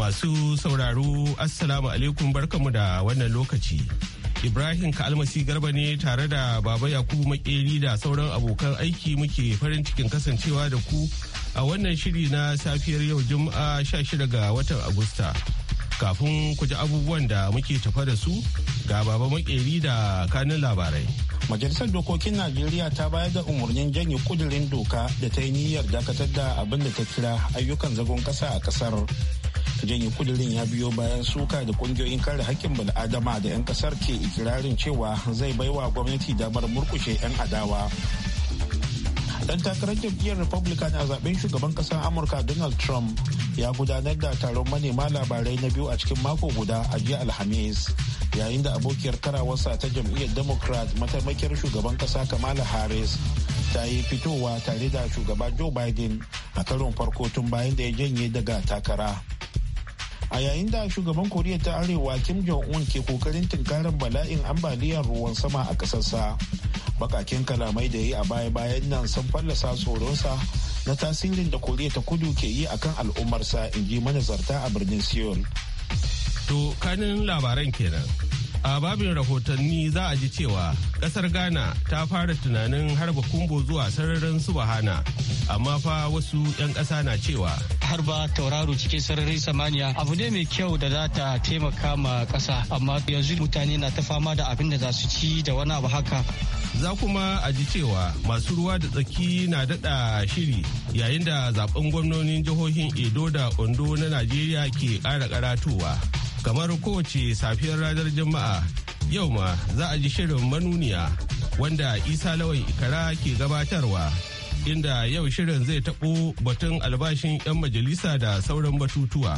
Masu sauraro Assalamu alaikum barkamu da wannan lokaci. Ibrahim Kalmasi Garba ne tare da Baba Yakubu Makeri da sauran abokan aiki muke farin cikin kasancewa da ku a wannan shiri na safiyar yau Juma'a sha 16 ga watan Agusta. Kafin ku ji abubuwan da muke tafa da su ga Baba Makeri da kanin labarai. Majalisar Dokokin Najeriya ta bayar da umarnin janye kudirin doka da ta yi niyyar dakatar da abin da ta kira ayyukan zagon ƙasa a ƙasar. janye kudirin ya biyo bayan suka da kungiyoyin kare hakkin bal'adama da 'yan kasar ke ikirarin cewa zai baiwa gwamnati damar murkushe 'yan adawa dan takarar jam'iyyar republican a zaben shugaban kasar amurka donald trump ya gudanar da taron manema labarai na biyu a cikin mako guda a jiya alhamis yayin da abokiyar karawarsa ta jam'iyyar democrat mataimakiyar shugaban kasa kamala harris ta yi fitowa tare da shugaba joe biden a karon farko tun bayan da ya janye daga takara a yayin da shugaban koriya ta arewa kim jong-un ke kokarin tunkarar bala'in ambaliyar ruwan sama a ƙasarsa bakakin kalamai da yi a baya-bayan nan sun fallasa tsoronsa na tasirin da koriya ta kudu ke yi akan al'ummarsa in ji manazarta a birnin seoul to kanin labaran kenan a babin rahotanni za a ji cewa kasar ghana ta fara tunanin harba kumbo zuwa sararin subahana amma fa wasu 'yan ƙasa na cewa harba tauraro cikin sararin samaniya abu ne mai kyau da za ta taimaka ma ƙasa amma yanzu mutane na ta fama da abin da za su ci da wani abu haka za kuma a ji cewa masu ruwa da tsaki na daɗa shiri yayin da zaben gwamnonin jihohin edo da ondo na najeriya ke ƙara karatowa kamar kowace safiyar ranar juma'a yau ma za a ji shirin manuniya wanda isa lawan ikara ke gabatarwa inda yau shirin zai taɓo batun albashin 'yan majalisa da sauran batutuwa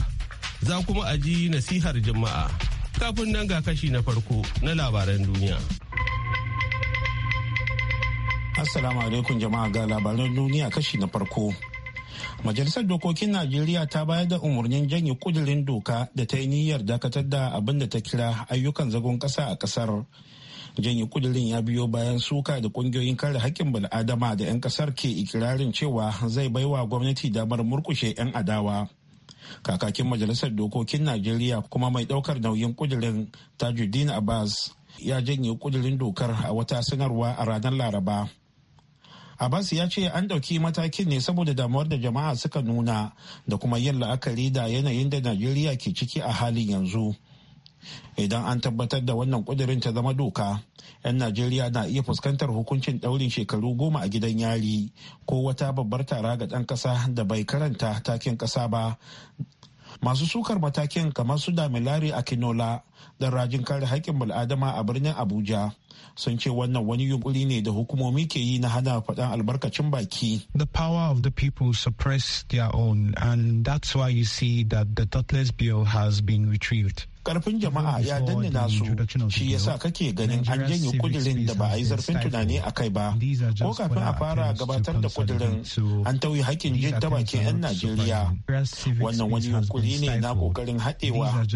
za kuma a ji nasihar juma'a kafin nan ga kashi na farko na labaran duniya assalamu alaikum jama'a ga labaran duniya kashi na farko Majalisar Dokokin Najeriya ta bayar da umarnin janye kudirin doka da ta yi niyyar dakatar da abin da ta kira ayyukan zagon ƙasa a ƙasar. Janye kudirin ya biyo bayan suka da ƙungiyoyin kare haƙƙin bil'adama da 'yan ƙasar ke ikirarin cewa zai baiwa gwamnati damar murkushe 'yan adawa. Kakakin Majalisar Dokokin Najeriya kuma mai ɗaukar nauyin kudirin Tajuddin Abbas ya janye kudirin dokar a wata sanarwa a ranar Laraba. Abbas ya ce an ɗauki matakin ne saboda damuwar da jama'a suka nuna da kuma yin la'akari da yanayin da Najeriya ke ciki a halin yanzu. Idan an tabbatar da wannan kudirin ta zama doka, 'yan Najeriya na iya fuskantar hukuncin ɗaurin shekaru goma a gidan yari ko wata babbar tara ga ɗan ƙasa da bai karanta takin ƙasa ba. Masu sukar matakin kamar su Damilari Akinola don rajin kare haƙƙin bil'adama a birnin abuja sun ce wannan wani yunkuri ne da hukumomi ke yi na hana faɗan albarkacin baki. The power of the people suppress their own and that's why you see that the Totless bill has been retrieved. karfin jama'a ya danne nasu shi yasa kake ganin an janye kudirin da ba a yi zarfin tunani a kai ba ko kafin a fara gabatar da kudirin an tauye hakkin jin ta bakin 'yan najeriya wannan wani yunkuri ne na kokarin haɗewa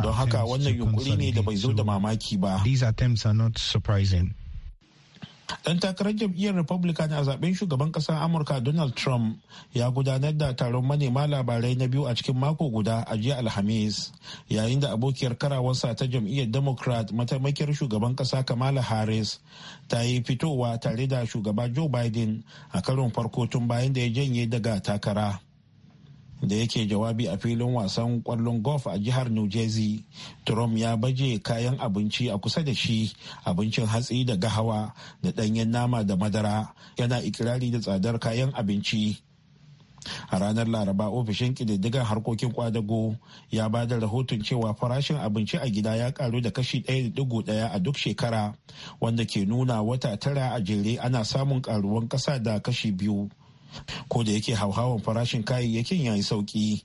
don haka wannan yunkuri ne da bai zo da mamaki ba. These attempts are not surprising. Dan takarar jam'iyyar Republican a zaben shugaban ƙasar Amurka Donald Trump ya gudanar da taron manema labarai na biyu a cikin mako guda a jiya Alhamis, yayin da abokiyar karawarsa ta jam'iyyar Democrat mataimakiyar shugaban ƙasa Kamala Harris ta yi fitowa tare da shugaba Joe Biden a karon farko tun bayan da ya janye daga takara. da yake jawabi a filin wasan kwallon golf a jihar new jersey trump ya baje kayan abinci a kusa da shi abincin hatsi da gahawa da ɗanyen nama da madara yana ikirari da tsadar kayan abinci a ranar laraba ofishin ƙididdigan harkokin kwadago ya ba da rahoton cewa farashin abinci a gida ya karu da kashi 1.1 a duk shekara wanda ke nuna wata tara a jere ana samun karuwan ƙasa da kashi biyu ko da yake hauhawan farashin kayayyakin ya yi sauki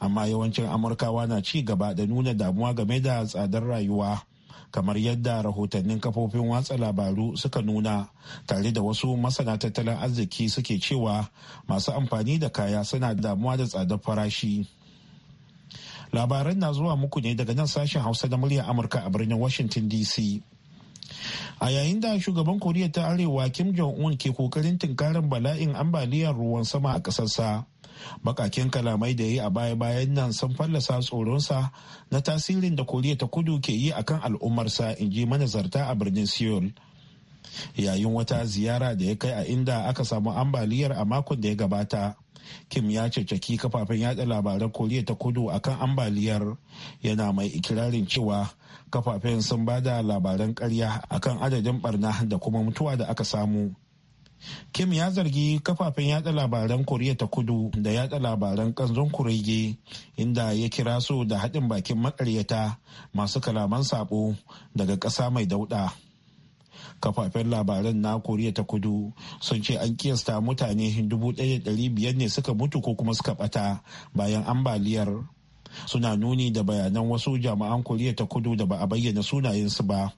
amma yawancin amurkawa na ci gaba da nuna damuwa game da tsadar rayuwa kamar yadda rahotannin kafofin watsa labaru suka nuna tare da wasu masana tattalin arziki suke cewa masu amfani da kaya suna damuwa da tsadar farashi labaran na zuwa muku ne daga nan sashen hausa da murya amurka a birnin washington dc a yayin da shugaban koriya ta arewa kim jong-un ke kokarin tunkarin bala'in ambaliyar ruwan sama a ƙasarsa bakakin kalamai da yi a baya-bayan nan sun fallasa tsoronsa na tasirin da koriya ta kudu ke yi akan al'ummarsa in ji manazarta a birnin seoul yayin wata ziyara da ya kai a inda aka samu ambaliyar a makon da ya gabata kim ya caccaki kafafen yada labaran koriya ta kudu akan ambaliyar yana mai ikirarin cewa kafafen sun ba da labaran karya akan adadin barna da kuma mutuwa da aka samu kim ya zargi kafafen yada labaran koriya ta kudu da yada labaran kanzon kurege inda ya kira su da haɗin bakin makaryata masu kalaman sabo daga ƙasa mai dauɗa. kafafen labaran na koriya ta kudu sun ce an kiyasta mutane dubu biyar ne suka mutu ko kuma suka bata bayan ambaliyar suna nuni da bayanan wasu jami'an koriya ta kudu da ba a bayyana sunayensu ba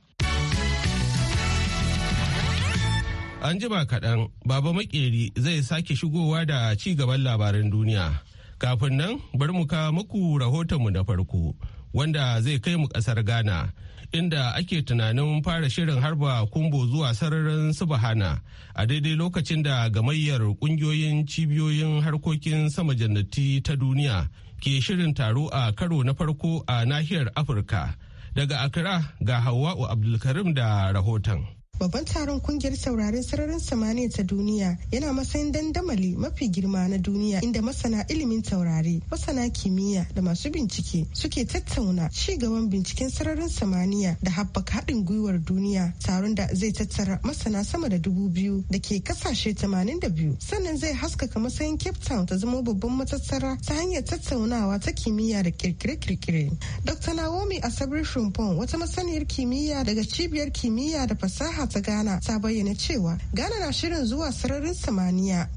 an ba kaɗan baba makeri zai sake shigowa da ci gaban labaran duniya kafin nan bari mu kawo muku mu na farko wanda zai kai mu ƙasar ghana inda ake tunanin fara shirin harba kumbo zuwa sararin subahana a daidai lokacin da gamayyar kungiyoyin cibiyoyin harkokin sama jannati ta duniya ke shirin taro a karo na farko a nahiyar afirka daga accra ga hawa'u abdulkarim da rahoton Babban taron kungiyar sauraron sararin samaniya ta duniya yana matsayin dandamali mafi girma na duniya inda masana ilimin taurari, masana kimiyya da masu bincike suke tattauna ci gaban binciken sararin samaniya da haɓaka haɗin gwiwar duniya taron da zai tattara masana sama da dubu biyu da ke ƙasashe tamanin da biyu sannan zai haskaka matsayin Cape Town ta zama babban matattara ta hanyar tattaunawa ta kimiyya da kirkire-kirkire. Dr. Naomi Asabri Shumpon wata masaniyar kimiyya daga cibiyar kimiyya da fasaha ta Ghana ta bayyana cewa Ghana na shirin zuwa sararin samaniya.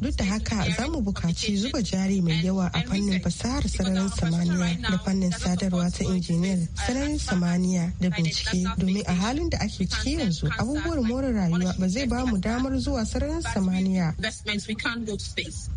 Duk da haka za mu bukaci zuba jari mai yawa a fannin fasahar sararin samaniya da fannin sadarwa ta injiniyar sararin samaniya da bincike domin a halin da ake ciki yanzu abubuwan more rayuwa ba zai ba mu damar zuwa sararin samaniya.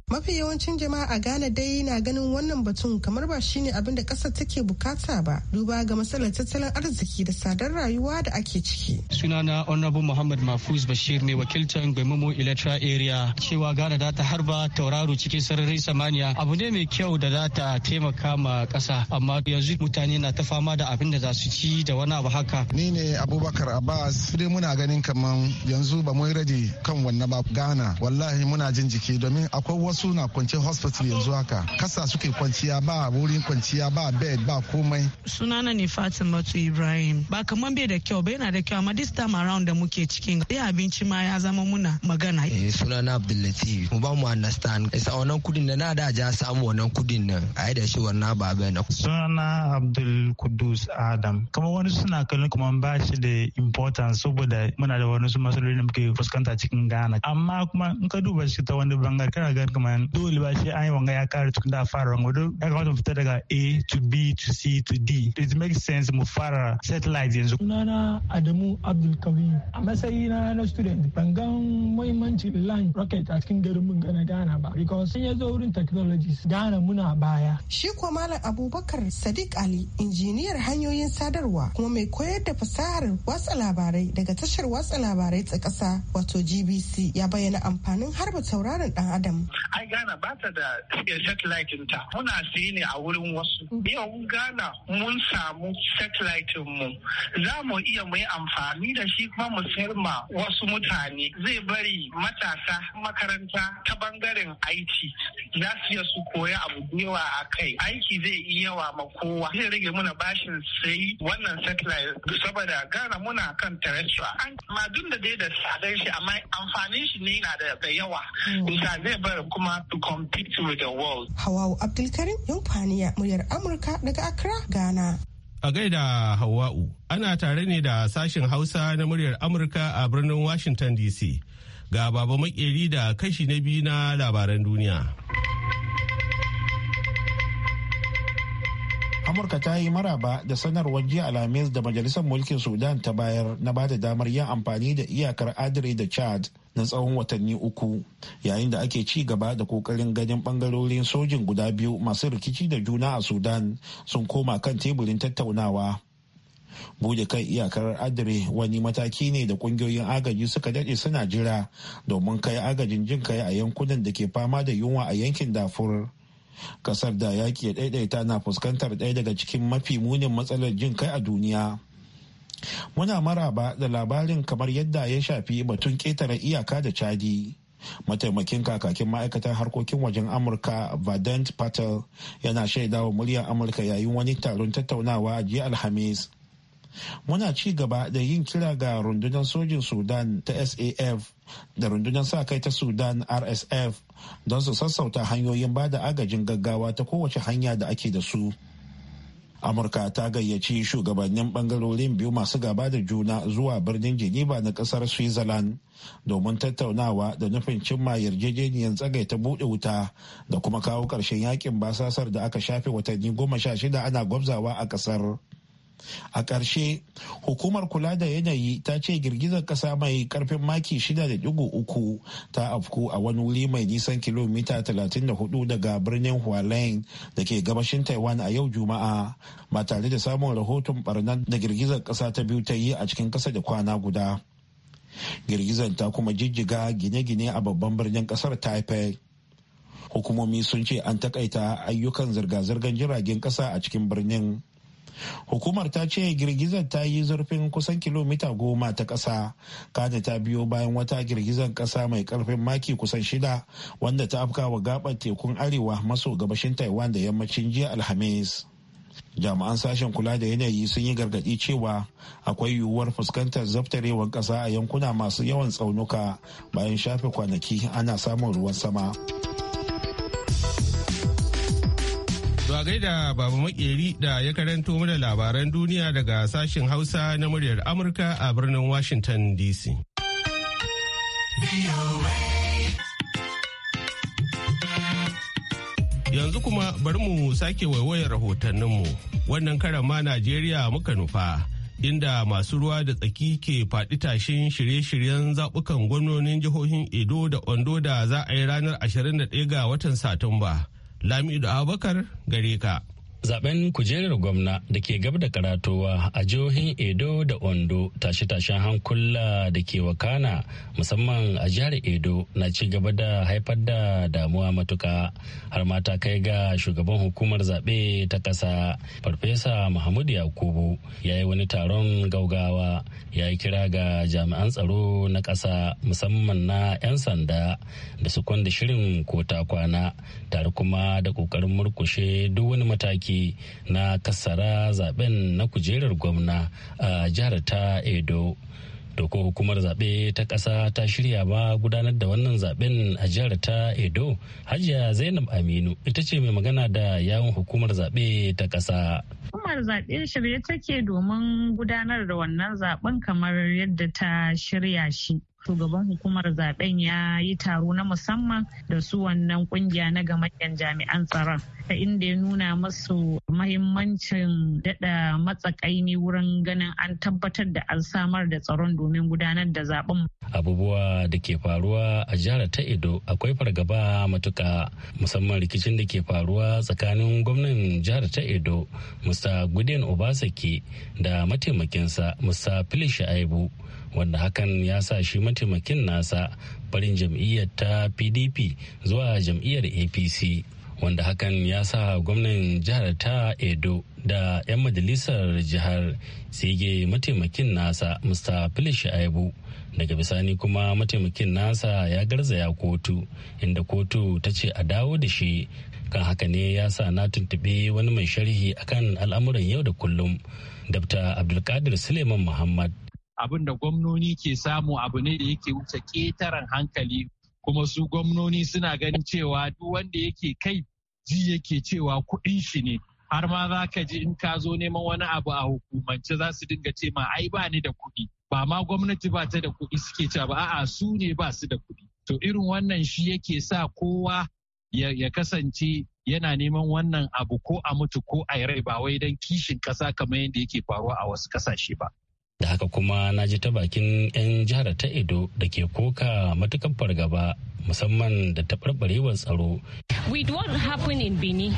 Mafi yawancin jama'a a Ghana dai na ganin wannan batun kamar ba shine abin da ƙasar take bukata ba duba ga matsalar tattalin arziki da sadar rayuwa da ake ciki. Sunana Honorable Muhammad Mafuz Bashir ne wakiltan Gwamimo Electra Area cewa gana za ta harba tauraro cikin sararin samaniya abu ne mai kyau da za ta taimaka ma kasa amma yanzu mutane na ta fama da abin da za su ci da wani abu haka. Ni ne Abubakar Abbas dai muna ganin kaman yanzu ba mu rage kan wannan ba Ghana wallahi muna jin jiki domin akwai wasu na kwance hospital yanzu haka kasa suke kwanciya ba wurin kwanciya ba bed ba komai. Sunana ne to Ibrahim ba kaman bai da kyau ba yana da kyau amma this time around da muke cikin sai eh, abinci ma ya zama muna magana eh suna na Abdullatif mu ba mu understand isa wannan kudin da na da ja samu wannan kudin nan ai da shi wannan ba bai na suna na Abdul Kudus Adam kamar wani suna kallon kuma ba shi da importance saboda muna da wani su da muke fuskanta cikin Ghana amma kuma in ka duba shi ta wani bangar kana ga kamar dole ba shi an yi wanga ya kare da fara wanga ya kamata mu fita daga A to B to C to D it makes sense mu fara satellite yanzu. Sunana Adamu Abdul Kawin a matsayi na student ban ga muhimmancin land rocket a cikin garin mun gana Ghana ba because sun ya zo wurin technologies Ghana muna baya. Shi kuwa Malam Abubakar Sadiq Ali injiniyar hanyoyin sadarwa kuma mai koyar da fasahar watsa labarai daga tashar watsa labarai ta ƙasa wato GBC ya bayyana amfanin harba tauraron dan Adam. Ai Ghana ba ta da satellite ta muna siye ne a wurin wasu. Yau gana mun samu satellite mu za mu iya mu amfani da shi kuma mu sayar ma wasu mutane zai bari matasa makaranta ta bangaren IT za su iya su koya abu a kai aiki zai iya yawa ma kowa zai rage muna bashin sai wannan satellite saboda gana muna kan terrestrial an ma duk da dai da shi amma amfanin shi ne yana da yawa hmm. bisa zai bar kuma to compete with the world Hawawu Abdulkarim Yau Faniya muryar Amurka daga Accra Ghana A gaida Hawa'u, ana tare ne da sashen Hausa na muryar Amurka a birnin Washington DC. Ga baba makeri da kashi na biyu na labaran duniya. amurka ta yi maraba da sanarwar jiya alhamis da majalisar mulkin sudan ta bayar na ba da damar yin amfani da iyakar adire da chad na tsawon watanni uku yayin da ake ci gaba da kokarin ganin bangarorin sojin guda biyu masu rikici da juna a sudan sun koma kan teburin tattaunawa bude kan iyakar adire wani mataki ne da kungiyoyin agaji suka daɗe suna jira domin kai agajin jin kai a yankunan da ke fama da yunwa a yankin dafur kasar da yaƙi ya ɗaiɗaita na fuskantar ɗaya daga cikin mafi munin matsalar jin kai a duniya muna maraba da labarin kamar yadda ya shafi batun ƙetare iyaka da chadi mataimakin kakakin ma'aikatar harkokin wajen amurka vadant patel yana shaidawa muryar amurka yayin wani taron tattaunawa jiya alhamis muna ci gaba da yin kira ga rundunar sojin sudan ta saf da rundunar sa kai ta sudan rsf don su sassauta hanyoyin ba da agajin gaggawa ta kowace hanya da ake da su amurka ta gayyaci shugabannin bangarorin biyu masu gaba da juna zuwa birnin geneva na kasar switzerland domin tattaunawa da nufin cimma yarjejeniyar tsagaita buɗe wuta da kuma kawo ƙarshen yakin basasar da aka shafe watanni goma sha shida ana gwabzawa a ƙasar a ƙarshe hukumar kula da yanayi ta ce girgizar ƙasa mai ƙarfin maki 6.3 ta afku a wani wuri mai nisan kilomita 34 daga birnin hualain da ke gabashin taiwan a yau juma'a ba tare da samun rahoton barnar da girgizar ƙasa ta biyu ta yi a cikin ƙasa da kwana guda girgizar ta kuma jijjiga gine-gine a babban birnin ƙasar taipei hukumomi sun ce an takaita ayyukan zirga-zirgar jiragen ƙasa a cikin birnin hukumar ta ce girgizar ta yi zurfin kusan kilomita goma ta ƙasa kada ta biyo bayan wata girgizar ƙasa mai ƙarfin maki kusan shida wanda ta afkawa gabar tekun arewa maso gabashin taiwan da yammacin jiya alhamis jami'an sashen kula da yanayi sun yi gargaɗi cewa akwai yiwuwar fuskantar zaftarewar ƙasa a yankuna masu yawan tsaunuka bayan shafe kwanaki ana samun ruwan sama. da babu Makeri da ya karanto mana labaran duniya daga sashen Hausa na muryar Amurka a birnin Washington DC. Yanzu kuma bari mu sake waiwayar rahotanninmu. Wannan karan ma Najeriya muka nufa. Inda masu ruwa da tsaki ke faɗi tashin shirye-shiryen zaɓukan gwamnonin jihohin Edo da Ondo da za a yi ranar 21 ga watan Satumba. Lamido Abubakar gare ka. zaben kujerar gwamna da ke gab da karatowa a jihohin edo da ondo tashe-tashen hankula da ke wakana musamman a jihar edo na ci gaba da haifar da damuwa matuka har mata kai ga shugaban hukumar zaɓe ta ƙasa farfesa muhammadu yakubu ya yi wani taron gaugawa ya yi kira ga jami'an tsaro na ƙasa musamman na 'yan sanda da su kwanda shirin kota kwana tare kuma da ƙoƙarin murkushe duk wani mataki na kassara zaben na kujerar gwamna a jihar ta edo doko hukumar zaɓe ta ƙasa ta shirya ma gudanar da wannan zaɓen a jihar ta edo hajiya zainab aminu ita ce mai magana da yawon hukumar zaɓe ta ƙasa hukumar zaɓe shirye take domin gudanar da wannan zaɓen kamar yadda ta shirya shi shugaban hukumar zaben ya yi taro na musamman da su wannan kungiya na manyan jami'an tsaron ta inda ya nuna masu mahimmancin dada matsakaini wurin ganin an tabbatar da an samar da tsaron domin gudanar da zaben abubuwa da ke faruwa a jihar ta edo akwai fargaba matuka musamman rikicin da ke faruwa tsakanin gwamnan jihar ta edo musa guden obasaki da mataimakinsa musa filisha aibu wanda hakan ya sa shi mataimakin nasa barin jam'iyyar ta pdp zuwa jam'iyyar apc wanda hakan ya sa gwamnan jihar ta edo da 'yan majalisar jihar sige mataimakin nasa mr philip aibu daga bisani kuma mataimakin nasa ya garzaya kotu inda kotu ta ce a dawo da shi kan haka ne ya sa na tuntuɓi wani mai sharhi akan al'amuran yau da kullum dr abdulkadir suleiman muhammad abin da gwamnoni ke samu abu ne da yake wuce ƙetaren hankali kuma su gwamnoni suna ganin cewa duk wanda yake kai ji yake cewa kuɗin shi ne har ma za ka ji in ka zo neman wani abu a hukumance za su dinga ce ma ai ba ni da kuɗi ba ma gwamnati ba ta da kuɗi suke cewa ba a'a su ne ba su da kuɗi to irin wannan shi yake sa kowa ya kasance yana neman wannan abu ko a mutu ko a rai ba wai don kishin ƙasa kamar yadda yake faruwa a wasu kasashe ba da haka kuma na ji ta bakin 'yan jihar ta edo da ke koka matukan fargaba musamman da taɓarɓarewar tsaro. with what happened in benin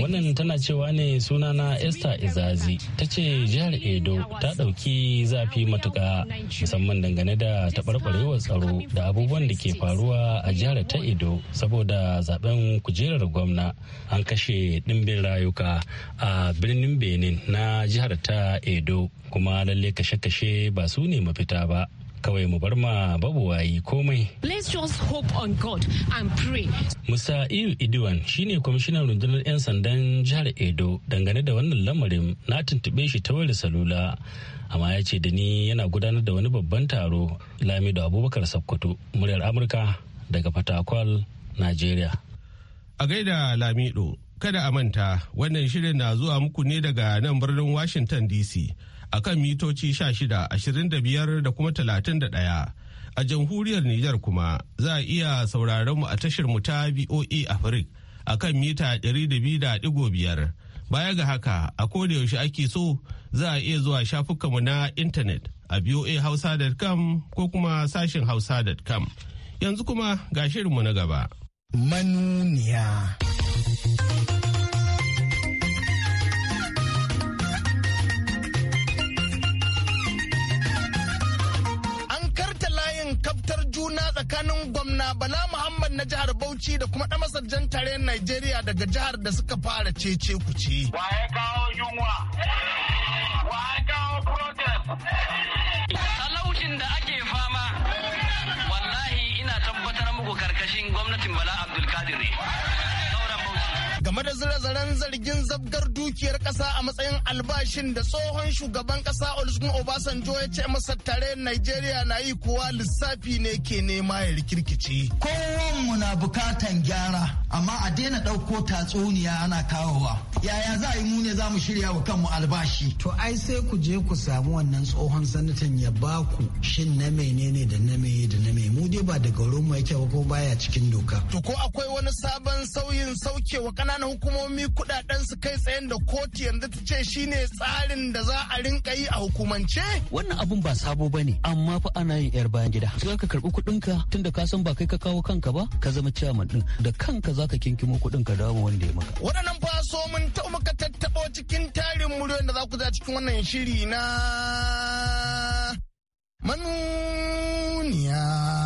Wannan tana cewa ne sunana Esther Izazi ta ce jihar Edo ta ɗauki zafi matuka musamman dangane da taɓarɓarewar tsaro da abubuwan da ke faruwa a jihar ta Edo saboda zaben kujerar gwamna an kashe ɗimbin rayuka a birnin Benin na jihar ta Edo kuma lalle kashe-kashe ba su ne mafita ba. kawai mu bar ma babu wayi komai. Let's just hope on God and pray. Musa Iyu Idiwan shine kwamishinan rundunar 'yan sandan jihar Edo dangane da wannan lamarin na tuntube shi ta wayar salula. Amma ya ce da ni yana gudanar da wani babban taro Lamido Abubakar Sakkwato muryar Amurka daga Fatakwal, Najeriya. A gaida Lamido, kada a manta wannan shirin na zuwa muku ne daga nan birnin Washington DC. a kan mitoci 16, 25 da kuma 31. a jamhuriyar Nijar kuma za a iya sauraron mu a tashar mu ta VOA Africa a kan mita 200.5. Baya ga haka a koda yaushe ake so za a iya zuwa shafukanmu na intanet a voahausa.com ko kuma sashin hausa.com. Yanzu kuma ga shirinmu na gaba. Manuniya. tsakanin gwamna Bala Muhammad na jihar Bauchi da kuma ɗan jan tarayyar Najeriya daga jihar da suka fara cece kuce. Wa kawo yunwa? Wa kawo protest? Talaucin da ake fama wallahi ina tabbatar muku karkashin gwamnatin Bala Abdulkadir ne. game da zirazaren zargin zabgar dukiyar kasa a matsayin albashin da tsohon shugaban kasa Olusegun Obasanjo ya ce masa tare Najeriya na yi kowa lissafi ne ke nema ya rikirkice. Kowanmu na bukatan gyara amma a daina ɗauko tatsuniya ana kawowa. Yaya za a yi mu za mu shirya wa kanmu albashi. To ai sai ku je ku samu wannan tsohon sanatan ya ba ku shin na menene da na meye da na meye mu dai ba daga wurin mu yake ba ko baya cikin doka. To ko akwai wani sabon sauyin saukewa ƙananan ƙananan hukumomi kudaden su kai tsayen da kotu yanzu ta ce shine tsarin da za a rinka yi a hukumance wannan abun ba sabo bane amma fa ana yin yar bayan gida sai ka karbi kuɗin ka tunda ka san ba kai ka kawo kanka ba ka zama ciyaman ɗin da kanka za ka kinkimo kuɗin ka dawo wanda ya maka waɗannan fasomin so mun ta muka tattaɓo cikin tarin muryoyin da za ku za cikin wannan shiri na manuniya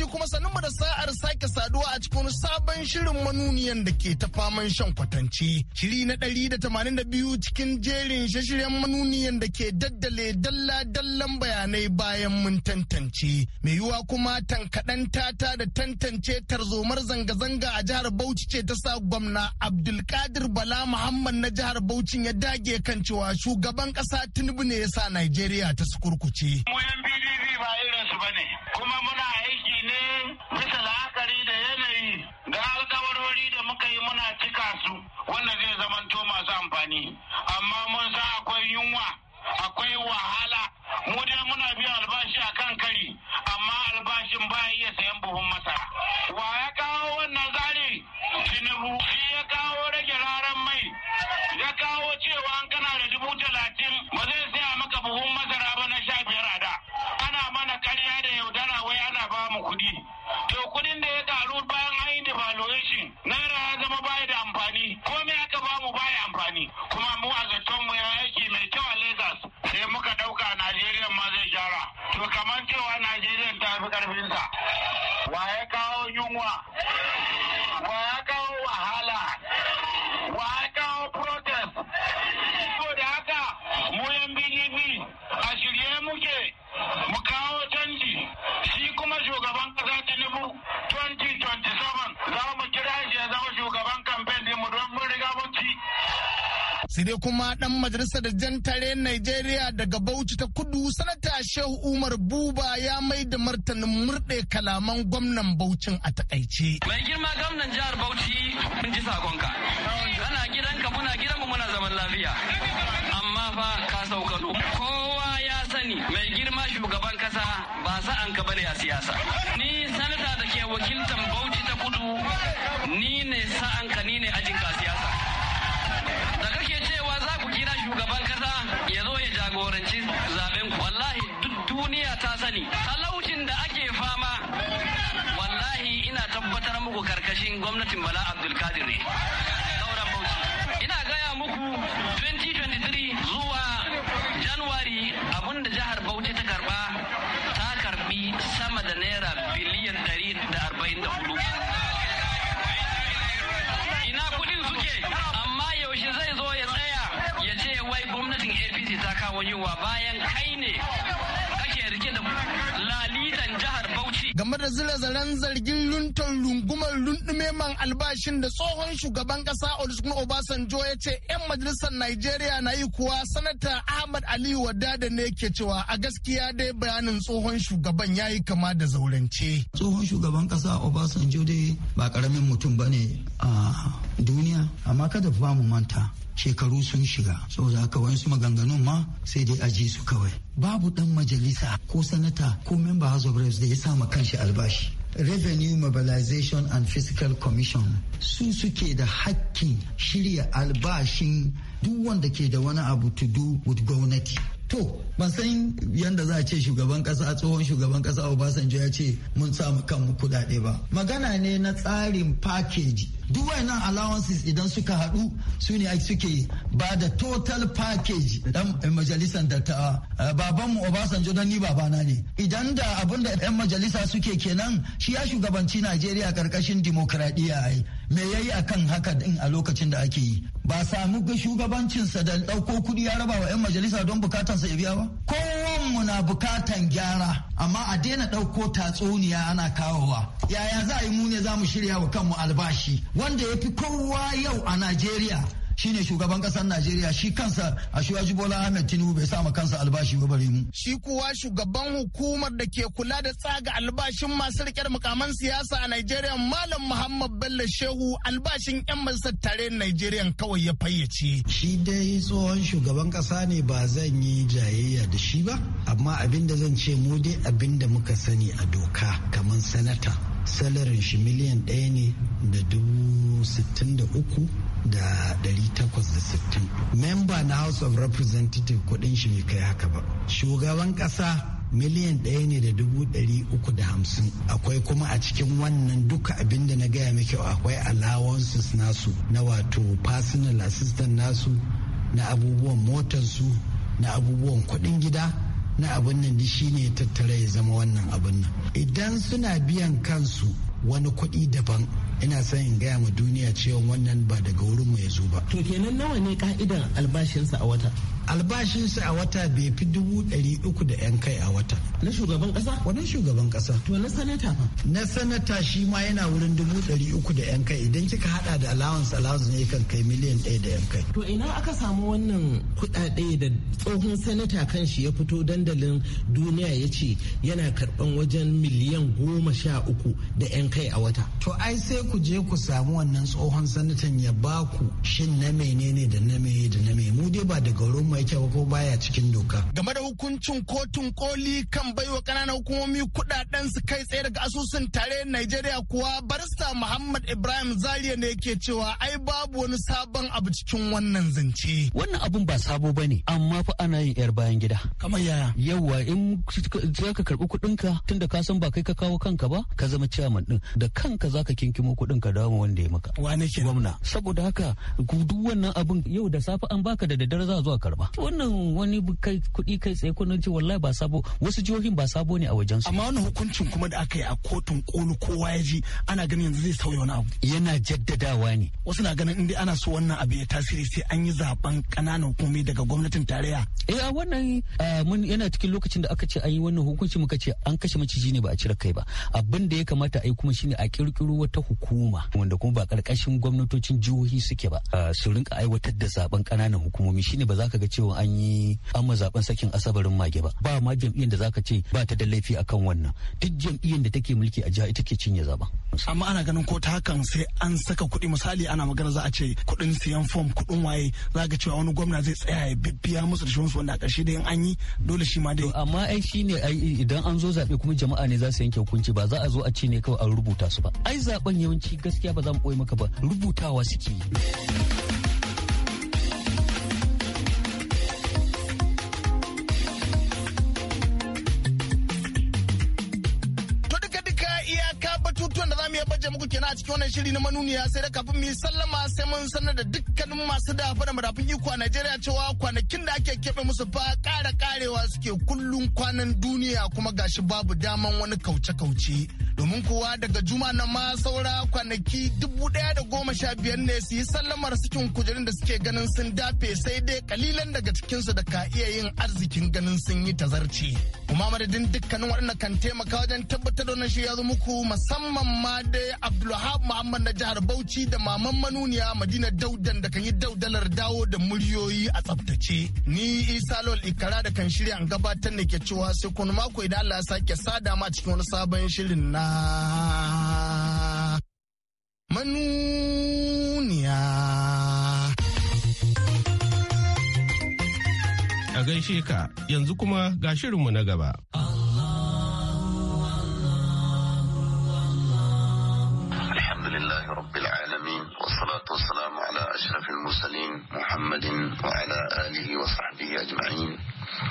lokaci kuma sanin mu da sa'ar sake saduwa a cikin sabon shirin manuniyan da ke ta faman shan kwatance. Shiri na ɗari da tamanin da biyu cikin jerin shashiryan manuniyan da ke daddale dalla-dallan bayanai bayan mun tantance. Mai yiwuwa kuma tankaɗan tata da tantance tarzomar zanga-zanga a jihar Bauchi ce ta sa gwamna Abdulkadir Bala Muhammad na jihar Bauchi ya dage kan cewa shugaban ƙasa Tinubu ne ya sa Najeriya ta sukurkuce. Muyan PDP ba irinsu ba ne, kuma muna bisa la'akari da yanayi da alkawarori da muka yi muna cika su wanda zai zamanto masu amfani amma mun san akwai yunwa akwai wahala mu dai muna biyan albashi a kan kari amma albashin ba iya sai dai kuma dan majalisar da tare Najeriya daga Bauchi ta Kudu sanata Shehu Umar Buba ya mai da martanin murɗe kalaman gwamnan Bauchin a takaice. Mai girma gwamnan jihar Bauchi mun ji sakonka. Kana gidanka muna gidanmu muna zaman lafiya. Amma fa ka sauka kowa ya sani mai girma shugaban kasa ba sa'an ka bane a siyasa. Ni sanata da ke wakiltan Bauchi ta Kudu ni ne sa'an ka ni ne ajin ka siyasa. Da kake shugaban kasa ya zo ya jagoranci zaben wallahi duk duniya ta sani talaucin da ake fama wallahi ina tabbatar muku karkashin gwamnatin bala abdulkadir ne ina gaya muku 2023 game da zira-zaren zargin luntar rungumar lundume man albashin da tsohon shugaban kasa Olusegun Obasanjo ya ce 'yan majalisar Najeriya na yi kuwa sanata Ahmad Aliyu Wadada ne ke cewa a gaskiya dai bayanin tsohon shugaban ya yi kama da zaurance. Tsohon shugaban kasa Obasanjo dai ba karamin mutum ba ne a duniya amma kada ba mu manta shekaru sun shiga saboda haka wasu maganganun ma sai dai aji su kawai babu dan majalisa ko sanata ko member house of reps da ya sama kanshi albashi revenue mobilization and fiscal commission su suke da hakkin shirya albashin duk wanda ke da wani abu to do with gwamnati To, ban san yadda za a ce shugaban kasa tsohon shugaban kasa Obasanjo ya ce mun samu kanmu kudade ba. Magana ne na tsarin package duk wayannan allowances idan suka haɗu su ne suke ba da total package dan majalisar dattawa eh, babanmu obasanjo dan ni babana ne idan da abin da 'yan majalisa suke kenan shi ya shugabanci najeriya karkashin dimokuraɗiyya ai me ya yi akan haka din a lokacin da ake yi ba samu shugabancinsa da ɗauko kuɗi ya raba wa 'yan majalisa don bukatansa ya biya ba kowanmu na bukatan gyara amma a daina ɗauko tatsuniya ana kawowa yaya za a yi mu ne za mu shirya wa kanmu albashi wanda ya fi kowa yau a najeriya shine shugaban kasar Najeriya shi kansa a shiwaji Bola Ahmed Tinubu bai sa kansa albashi ba bare mu. Shi kuwa shugaban hukumar da ke kula da tsaga albashin masu riƙe mukaman siyasa a Najeriya Malam Muhammad Bello Shehu albashin 'yan majalisar tare Najeriya kawai ya fayyace. Shi dai tsohon shugaban kasa ne ba zan yi jayayya da shi ba amma abin da zan ce mu dai abin da muka sani a doka kamar sanata salarin shi miliyan ɗaya ne da dubu sittin da uku da ɗari takwas da sittin memba na house of representative kuɗin shi bai kai haka ba shugaban ƙasa miliyan ɗaya ne da dubu ɗari uku da hamsin akwai kuma a cikin wannan duka abin da na gaya maka akwai allowances nasu na wato personal assistant nasu na abubuwan motarsu na abubuwan kuɗin gida na abin nan shi ne tattara ya zama wannan abin nan idan suna biyan kansu wani kuɗi daban ina son in gaya ma duniya cewa wannan ba daga wurin mu ya zo ba to kenan nawa ne ka'idar albashinsa a wata albashinsa a wata bai fi dubu ɗari uku da yan kai a wata na shugaban ƙasa wani shugaban ƙasa to na sanata ba na sanata shi ma yana wurin dubu ɗari uku da yan kai idan kika haɗa da allowance allowance ne kan kai miliyan ɗaya da yan kai to ina aka samu wannan kuɗaɗe da tsohon sanata kan shi ya fito dandalin duniya ya ce yana karɓan wajen miliyan goma sha uku da yan kai a wata to ai sai ku je ku samu wannan tsohon sanatan ya baku shin na menene da na meye da na mai mu dai ba daga wurin mai kyau ko baya cikin doka. Game da hukuncin kotun koli kan baiwa ƙananan hukumomi kudaden su kai tsaye daga asusun tare Najeriya kuwa barista Muhammad Ibrahim zaria ne yake cewa ai babu wani sabon abu cikin wannan zance. Wannan abun ba sabo ba ne amma fa ana yin yar bayan gida. Kamar yaya? Yawwa in za ka karɓi kuɗinka tunda ka san ba kai ka kawo kanka ba ka zama ciyaman ɗin da kanka za ka kinkimo kuɗinka dawo wanda ya maka. Wane ke? Gwamna. Saboda haka duk wannan abun yau da safe an baka da daddare za zuwa karɓa. ba wannan wani kai kuɗi kai tsaye ko ce wallahi ba sabo wasu jihohin ba sabo ne a wajen su amma wannan hukuncin kuma da aka yi a kotun kolu kowa ya ji ana ganin yanzu zai sauya wani abu yana jaddadawa ne wasu na ganin inda ana so wannan abu ya tasiri sai an yi zaben ƙananan hukumomi daga gwamnatin tarayya eh a wannan eh, mun yana cikin lokacin da aka ce an yi wannan hukunci muka ce an kashe maciji ne ba a cire kai ba abin da ya kamata a yi kuma shine a kirkiro wata hukuma wanda kuma ba karkashin gwamnatocin jihohi suke ba eh, su rinka aiwatar da zaben kananan hukumomi shine ba za ka ga cewa an yi an zaben sakin asabarin mage ba ba ma jam'iyyar da zaka ce ba ta da laifi akan wannan duk jam'iyyar da take mulki a jiha ita ke cinye zaben amma ana ganin ko ta hakan sai an saka kuɗi misali ana magana za a ce kuɗin siyan fom kuɗin waye za ka cewa wani gwamna zai tsaya ya bibbiya musu da shunsu wanda a ƙarshe da an yi dole shi ma dai amma ai shi ne idan an zo zaɓe kuma jama'a ne za su yanke hukunci ba za a zo a ci ne kawai an rubuta su ba ai zaben yawanci gaskiya ba za mu ɓoye maka ba rubutawa suke yi saurara a cikin wannan shiri na manuniya sai da kafin mu yi sallama sai mun sanar da dukkanin masu dafa da marafin iko a Najeriya cewa kwanakin da ake keɓe musu ba ƙara ƙarewa suke kullun kwanan duniya kuma gashi babu daman wani kauce-kauce. domin kowa daga juma na ma saura kwanaki dubu daya da goma sha biyar ne su yi sallamar cikin kujerun da suke ganin sun dafe sai dai kalilan daga cikinsu da ka iya yin arzikin ganin sun yi tazarci. Kuma madadin dukkanin waɗanda kan taimaka wajen tabbatar da wannan shi ya zo muku musamman ma dai Abdulwahab Muhammad na jihar Bauchi da maman manuniya Madina Daudan da kan yi daudalar dawo da muryoyi a tsaftace. Ni Isa Lol Ikara da kan shirya an gabatar da ke cewa sai kun mako idan Allah ya sake sada ma cikin wani sabon shirin na manuniya. A gaishe ka yanzu kuma ga mu na gaba. Alhamdulillahi Rabbil Alamin, wasalatu wasalamu ala ashrafil musalin Muhammadin ala alihi wa sahbihi ajma'in.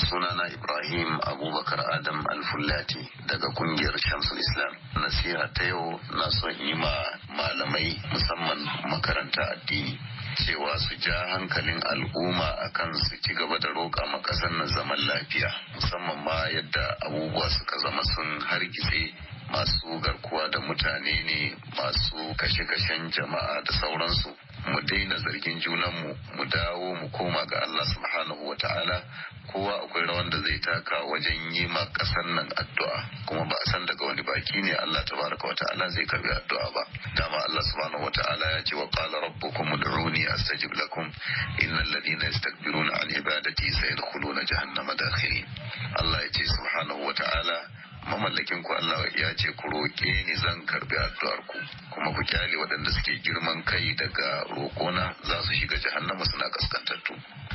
sunana ibrahim abubakar adam alfullati daga kungiyar shamsul islam nasiha ta yau na son yi ma malamai musamman makaranta addini cewa su ja hankalin al'umma akan su ci gaba da roƙa ma na zaman lafiya musamman ma yadda abubuwa suka zama sun hargitse masu garkuwa da mutane ne masu kashe-kashen jama'a da sauransu mu daina zargin junanmu mu dawo mu koma ga Allah subhanahu wa ta'ala kowa akwai rawan da zai taka wajen yi ma ƙasar nan addu'a kuma ba a san daga wani baki ne Allah tabaraka wa ta'ala zai karbi addu'a ba dama Allah subhanahu wa ta'ala ya ce wa qala rabbukum ud'uni astajib lakum innal ladina yastakbiruna an ibadati sayadkhuluna jahannama dakhirin Allah ya ce subhanahu wa ta'ala mamallakin ku Allah ya ce ku roƙe ni zan karbi addu'ar ku kuma ku kyale waɗanda suke girman kai daga roƙona za su shiga jahannama suna kaskantattu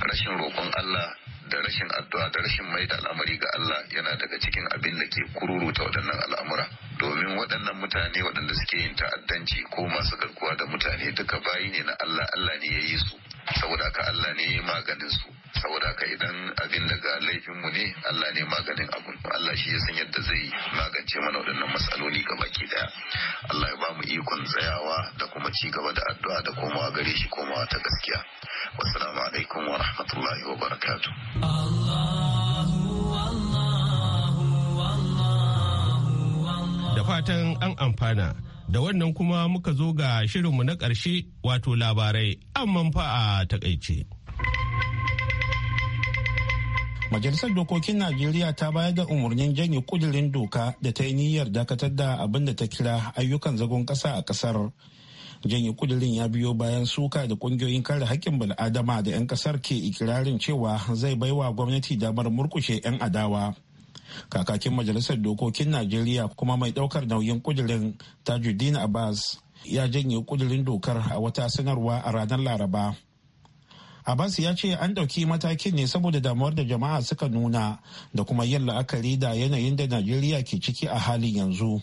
rashin roƙon Allah da rashin addu'a da rashin mai da al'amari ga Allah yana daga cikin abin da ke kururuta waɗannan al'amura domin waɗannan mutane waɗanda suke yin ta'addanci ko masu garkuwa da mutane duka bayi ne na Allah Allah ne ya yi su saboda ka Allah ne maganin su saboda ka idan abin daga laifin mu ne Allah ne maganin abun Allah shi ya san yadda zai magance mana waɗannan matsaloli ga baki daya Allah ya bamu ikon tsayawa da kuma ci gaba da addu'a da komawa gare shi komawa ta gaskiya wassalamu alaikum wa rahmatullahi wa barakatuh da fatan an amfana da wannan kuma muka zo ga shirinmu na ƙarshe wato labarai amman fa a takaice. Majalisar Dokokin Najeriya ta bayar da umarnin janye kudirin doka da ta yi niyyar dakatar da abin da ta kira ayyukan zagon ƙasa a ƙasar. Janye kudirin ya biyo bayan suka da ƙungiyoyin kare haƙƙin bil'adama da 'yan ƙasar ke ikirarin cewa zai baiwa gwamnati damar murkushe 'yan adawa. kakakin majalisar dokokin najeriya kuma mai daukar nauyin kudirin tajuddin abbas ya janye kudirin dokar a wata sanarwa a ranar laraba abbas ya ce an ɗauki matakin ne saboda damuwar da jama'a suka nuna da kuma yin la'akari da yanayin da najeriya ke ciki a halin yanzu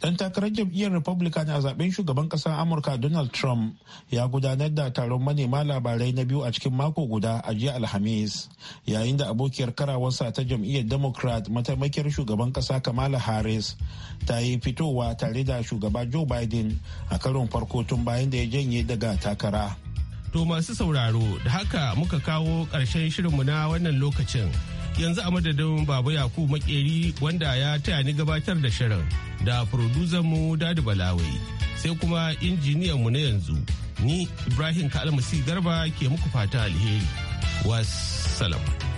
Dan takarar jam'iyyar Republican a zaben shugaban ƙasar Amurka Donald Trump ya gudanar da taron manema labarai na biyu a cikin mako guda a jiya Alhamis, yayin da abokiyar karawarsa ta jam'iyyar Democrat mataimakiyar shugaban ƙasa Kamala Harris ta yi fitowa tare da shugaba Joe Biden a karon farko tun bayan da ya janye daga takara. To masu sauraro da haka muka kawo ƙarshen shirinmu na wannan lokacin. yanzu a madadin baba yakubu makeri wanda ya taya ni gabatar da shirin da producer mu dadi balawai sai kuma injiniyan mu na yanzu ni ibrahim kalmasi garba ke muku fata alheri wassalam